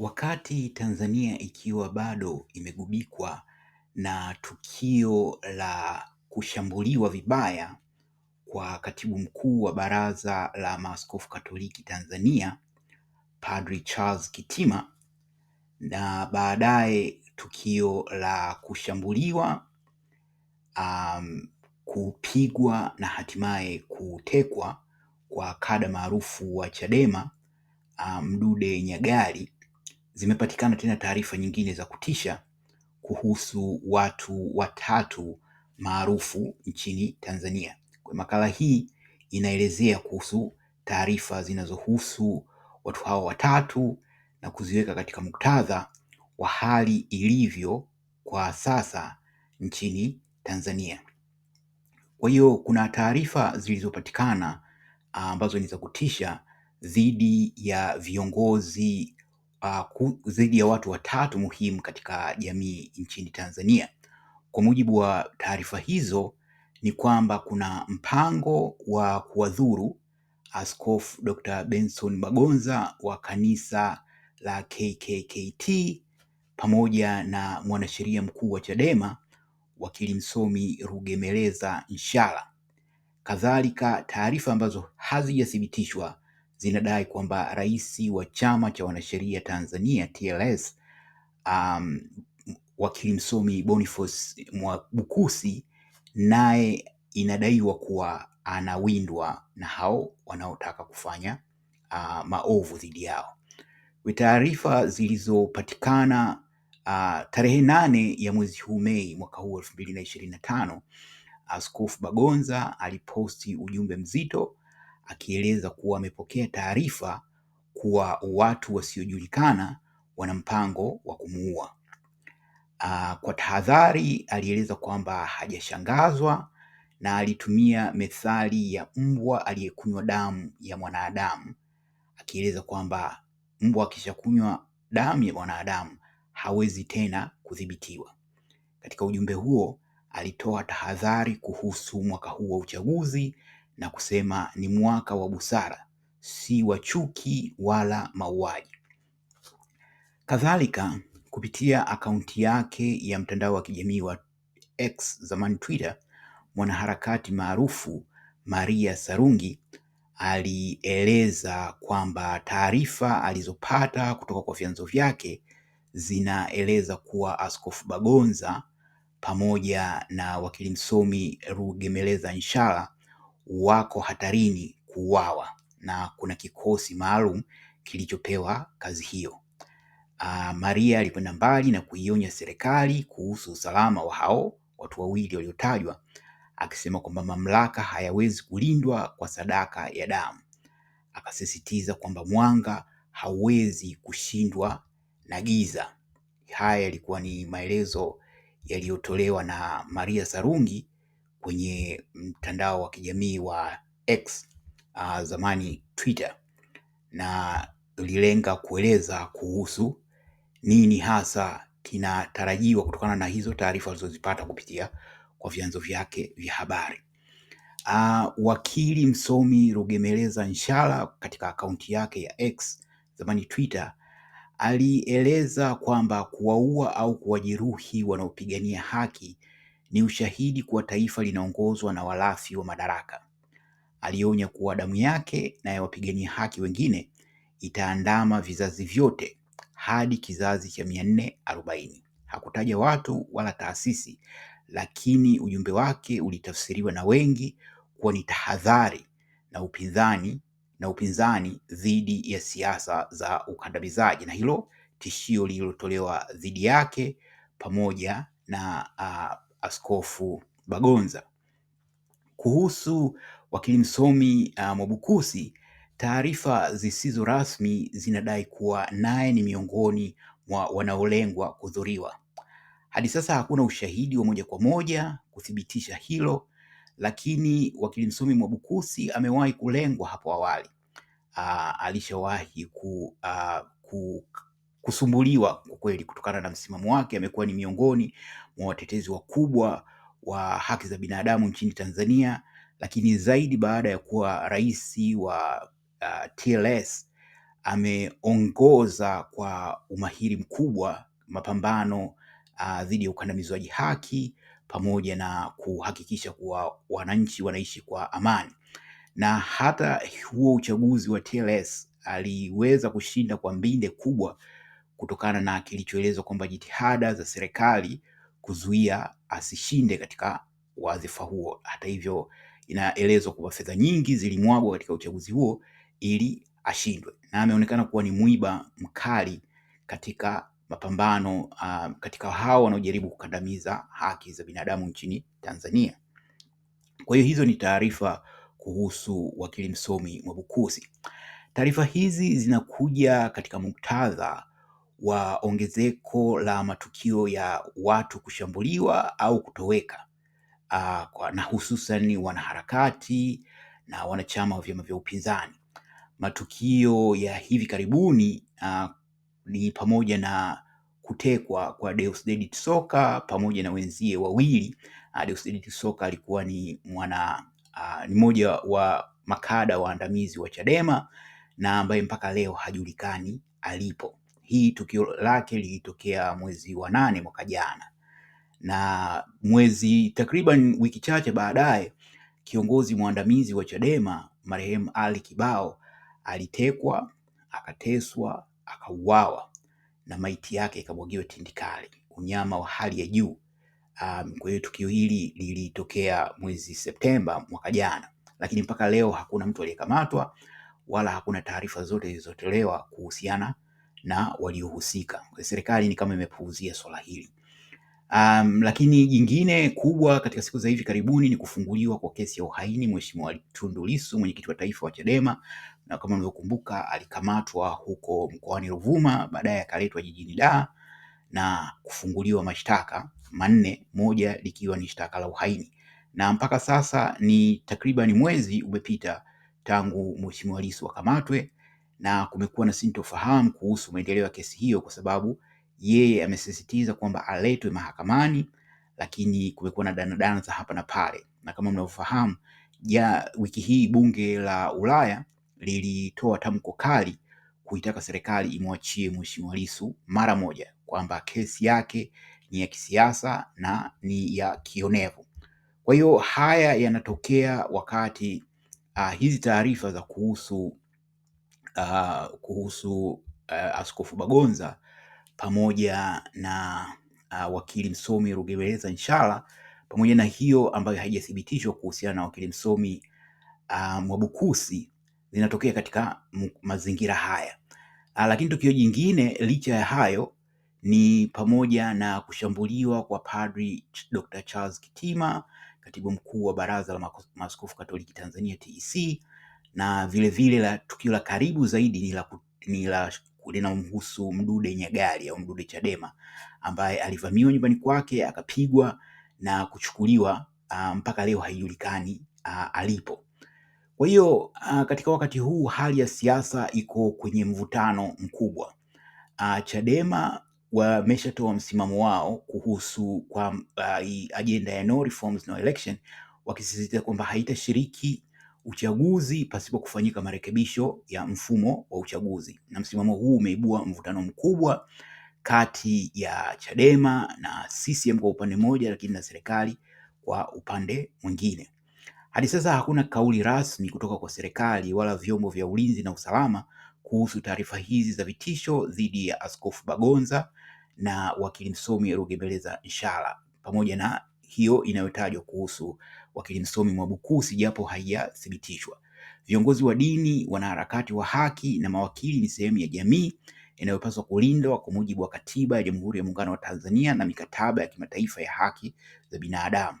Wakati Tanzania ikiwa bado imegubikwa na tukio la kushambuliwa vibaya kwa katibu mkuu wa Baraza la Maaskofu Katoliki Tanzania, Padri Charles Kitima, na baadaye tukio la kushambuliwa, um, kupigwa na hatimaye kutekwa kwa kada maarufu wa Chadema, um, Mdude Nyagali zimepatikana tena taarifa nyingine za kutisha kuhusu watu watatu maarufu nchini Tanzania. Kwa makala hii inaelezea kuhusu taarifa zinazohusu watu hao watatu na kuziweka katika muktadha wa hali ilivyo kwa sasa nchini Tanzania. Kwa hiyo kuna taarifa zilizopatikana ambazo ni za kutisha dhidi ya viongozi uh, zaidi ya watu watatu muhimu katika jamii nchini Tanzania. Kwa mujibu wa taarifa hizo ni kwamba kuna mpango wa kuwadhuru Askofu Dr. Benson Bagonza wa kanisa la KKKT pamoja na mwanasheria mkuu wa Chadema wakili msomi Rugemeleza Nshala. Kadhalika, taarifa ambazo hazijathibitishwa zinadai kwamba rais wa chama cha wanasheria Tanzania TLS, um, wakili msomi Boniface Mwabukusi naye inadaiwa kuwa anawindwa na hao wanaotaka kufanya uh, maovu dhidi yao. Taarifa zilizopatikana uh, tarehe nane ya mwezi huu Mei mwaka huu elfu mbili na ishirini na tano Askofu Bagonza aliposti ujumbe mzito akieleza kuwa amepokea taarifa kuwa watu wasiojulikana wana mpango wa kumuua. Uh, kwa tahadhari alieleza kwamba hajashangazwa na alitumia methali ya mbwa aliyekunywa damu ya mwanadamu, akieleza kwamba mbwa akishakunywa damu ya mwanadamu hawezi tena kudhibitiwa. Katika ujumbe huo alitoa tahadhari kuhusu mwaka huu wa uchaguzi na kusema ni mwaka wa busara, si wa chuki wala mauaji. Kadhalika, kupitia akaunti yake ya mtandao wa kijamii wa X, zamani Twitter, mwanaharakati maarufu Maria Sarungi alieleza kwamba taarifa alizopata kutoka kwa vyanzo vyake zinaeleza kuwa Askofu Bagonza pamoja na wakili msomi Rugemeleza Nshala wako hatarini kuuawa na kuna kikosi maalum kilichopewa kazi hiyo. Uh, Maria alikwenda mbali na kuionya serikali kuhusu usalama wa hao watu wawili waliotajwa, akisema kwamba mamlaka hayawezi kulindwa kwa sadaka ya damu. Akasisitiza kwamba mwanga hauwezi kushindwa na giza. Haya yalikuwa ni maelezo yaliyotolewa na Maria Sarungi kwenye mtandao wa kijamii wa X uh, zamani Twitter, na ililenga kueleza kuhusu nini hasa kinatarajiwa kutokana na hizo taarifa alizozipata kupitia kwa vyanzo vyake vya habari. Uh, wakili msomi Rugemeleza Nshala katika akaunti yake ya X zamani Twitter alieleza kwamba kuwaua au kuwajeruhi wanaopigania haki ni ushahidi kuwa taifa linaongozwa na walafi wa madaraka. Alionya kuwa damu yake na ya wapigania haki wengine itaandama vizazi vyote hadi kizazi cha mia nne arobaini. Hakutaja watu wala taasisi, lakini ujumbe wake ulitafsiriwa na wengi kuwa ni tahadhari na upinzani na upinzani dhidi ya siasa za ukandamizaji, na hilo tishio lililotolewa dhidi yake pamoja na uh, Askofu Bagonza. Kuhusu wakili msomi uh, Mwabukusi, taarifa zisizo rasmi zinadai kuwa naye ni miongoni mwa wanaolengwa kudhuriwa. Hadi sasa hakuna ushahidi wa moja kwa moja kuthibitisha hilo, lakini wakili msomi Mwabukusi amewahi kulengwa hapo awali. Uh, alishawahi ku, uh, ku, kusumbuliwa kwa kweli kutokana na msimamo wake. Amekuwa ni miongoni mwa watetezi wakubwa wa haki za binadamu nchini Tanzania, lakini zaidi baada ya kuwa rais wa uh, TLS ameongoza kwa umahiri mkubwa mapambano uh, dhidi ya ukandamizwaji haki pamoja na kuhakikisha kuwa wananchi wanaishi kwa amani. Na hata huo uchaguzi wa TLS aliweza kushinda kwa mbinde kubwa kutokana na kilichoelezwa kwamba jitihada za serikali kuzuia asishinde katika wadhifa huo. Hata hivyo, inaelezwa kuwa fedha nyingi zilimwagwa katika uchaguzi huo ili ashindwe, na ameonekana kuwa ni mwiba mkali katika mapambano uh, katika hao wanaojaribu kukandamiza haki za binadamu nchini Tanzania. Kwa hiyo hizo ni taarifa kuhusu wakili msomi Mwabukusi. Taarifa hizi zinakuja katika muktadha wa ongezeko la matukio ya watu kushambuliwa au kutoweka uh, na hususan wanaharakati na wanachama wa vyama vya upinzani. Matukio ya hivi karibuni uh, ni pamoja na kutekwa kwa Deusdedith Soka pamoja na wenzie wawili. Uh, ah, Deusdedith Soka alikuwa ni mwana uh, ni mmoja wa makada waandamizi wa Chadema na ambaye mpaka leo hajulikani alipo. Hii tukio lake lilitokea mwezi wa nane mwaka jana, na mwezi takriban wiki chache baadaye kiongozi mwandamizi wa Chadema marehemu Ali Kibao alitekwa, akateswa, akauawa na maiti yake ikamwagiwa tindikali. Unyama wa hali ya juu. Um, kwa hiyo tukio hili lilitokea mwezi Septemba mwaka jana, lakini mpaka leo hakuna mtu aliyekamatwa wala hakuna taarifa zote zilizotolewa kuhusiana na waliohusika. Serikali ni kama imepuuzia swala hili. Um, lakini jingine kubwa katika siku za hivi karibuni ni kufunguliwa kwa kesi ya uhaini Mheshimiwa Tundu Lissu, mwenyekiti wa taifa wa Chadema, na kama mlivyokumbuka alikamatwa huko mkoani Ruvuma, baadaye akaletwa jijini Dar na kufunguliwa mashtaka manne, moja likiwa ni shtaka la uhaini, na mpaka sasa ni takriban mwezi umepita tangu Mheshimiwa Lissu akamatwe na kumekuwa na sintofahamu kuhusu maendeleo ya kesi hiyo, kwa sababu yeye amesisitiza kwamba aletwe mahakamani, lakini kumekuwa na danadana za hapa na pale, na kama mnavyofahamu ya wiki hii bunge la Ulaya lilitoa tamko kali kuitaka serikali imwachie Mheshimiwa Lissu mara moja, kwamba kesi yake ni ya kisiasa na ni ya kionevu. Kwa hiyo haya yanatokea wakati uh, hizi taarifa za kuhusu uh, kuhusu uh, Askofu Bagonza pamoja na uh, wakili msomi Rugemeleza Nshala pamoja na hiyo ambayo haijathibitishwa kuhusiana na wakili msomi uh, Mwabukusi zinatokea katika mazingira haya. Uh, lakini tukio jingine licha ya hayo ni pamoja na kushambuliwa kwa Padri Dr. Charles Kitima, katibu mkuu wa Baraza la Maaskofu Katoliki Tanzania TEC na vilevile la tukio la karibu zaidi ni la ni la linamhusu Mdude Nyagali au Mdude Chadema ambaye alivamiwa nyumbani kwake akapigwa na kuchukuliwa a, mpaka leo haijulikani alipo. Kwa hiyo katika wakati huu hali ya siasa iko kwenye mvutano mkubwa. A, Chadema wameshatoa wa msimamo wao kuhusu kwa a, ajenda ya no reforms no election, wakisisitiza kwamba haitashiriki uchaguzi pasipo kufanyika marekebisho ya mfumo wa uchaguzi, na msimamo huu umeibua mvutano mkubwa kati ya Chadema na CCM kwa upande mmoja, lakini na serikali kwa upande mwingine. Hadi sasa hakuna kauli rasmi kutoka kwa serikali wala vyombo vya ulinzi na usalama kuhusu taarifa hizi za vitisho dhidi ya Askofu Bagonza na wakili msomi Rugemeleza Nshala, pamoja na hiyo inayotajwa kuhusu wakili msomi Mwabukusi japo haijathibitishwa. Viongozi wa dini, wanaharakati wa haki na mawakili ni sehemu ya jamii inayopaswa kulindwa kwa mujibu wa Katiba ya Jamhuri ya Muungano wa Tanzania na mikataba ya kimataifa ya haki za binadamu.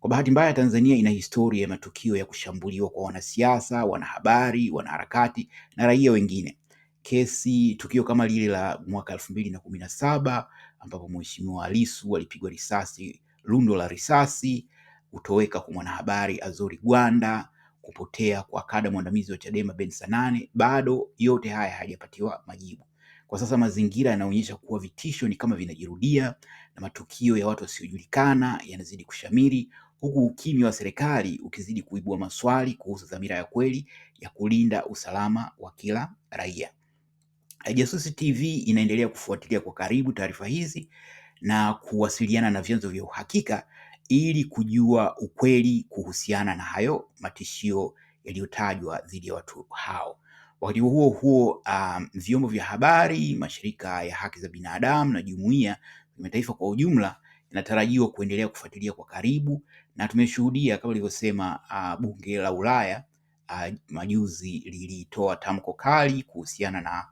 Kwa bahati mbaya, Tanzania ina historia ya matukio ya kushambuliwa kwa wanasiasa, wanahabari, wanaharakati na raia wengine. Kesi tukio kama lile la mwaka elfu mbili na kumi na saba ambapo Mheshimiwa Lissu alipigwa risasi, lundo la risasi kutoweka kwa mwanahabari azori Gwanda, kupotea kwa kada mwandamizi wa Chadema Ben Sanane, bado yote haya hayajapatiwa majibu. Kwa sasa mazingira yanaonyesha kuwa vitisho ni kama vinajirudia na matukio ya watu wasiojulikana yanazidi kushamiri, huku ukimya wa serikali ukizidi kuibua maswali kuhusu dhamira ya kweli ya kulinda usalama wa kila raia. Jasusi TV inaendelea kufuatilia kwa karibu taarifa hizi na kuwasiliana na vyanzo vya uhakika ili kujua ukweli kuhusiana na hayo matishio yaliyotajwa dhidi ya watu hao. Wakati huo huo, um, vyombo vya habari, mashirika ya haki za binadamu na jumuiya kimataifa kwa ujumla inatarajiwa kuendelea kufuatilia kwa karibu, na tumeshuhudia kama ilivyosema uh, bunge la Ulaya uh, majuzi lilitoa tamko kali kuhusiana na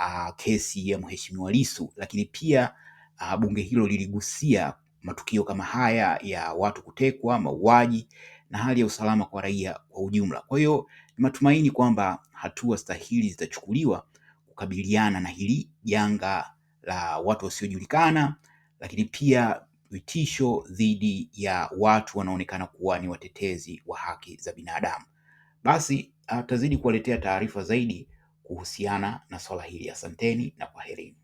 uh, kesi ya Mheshimiwa Lissu, lakini pia uh, bunge hilo liligusia matukio kama haya ya watu kutekwa, mauaji na hali ya usalama kwa raia kwa ujumla. Kwa hiyo ni matumaini kwamba hatua stahili zitachukuliwa kukabiliana na hili janga la watu wasiojulikana, lakini pia vitisho dhidi ya watu wanaonekana kuwa ni watetezi wa haki za binadamu. Basi atazidi kuwaletea taarifa zaidi kuhusiana na swala hili. Asanteni na kwaherini.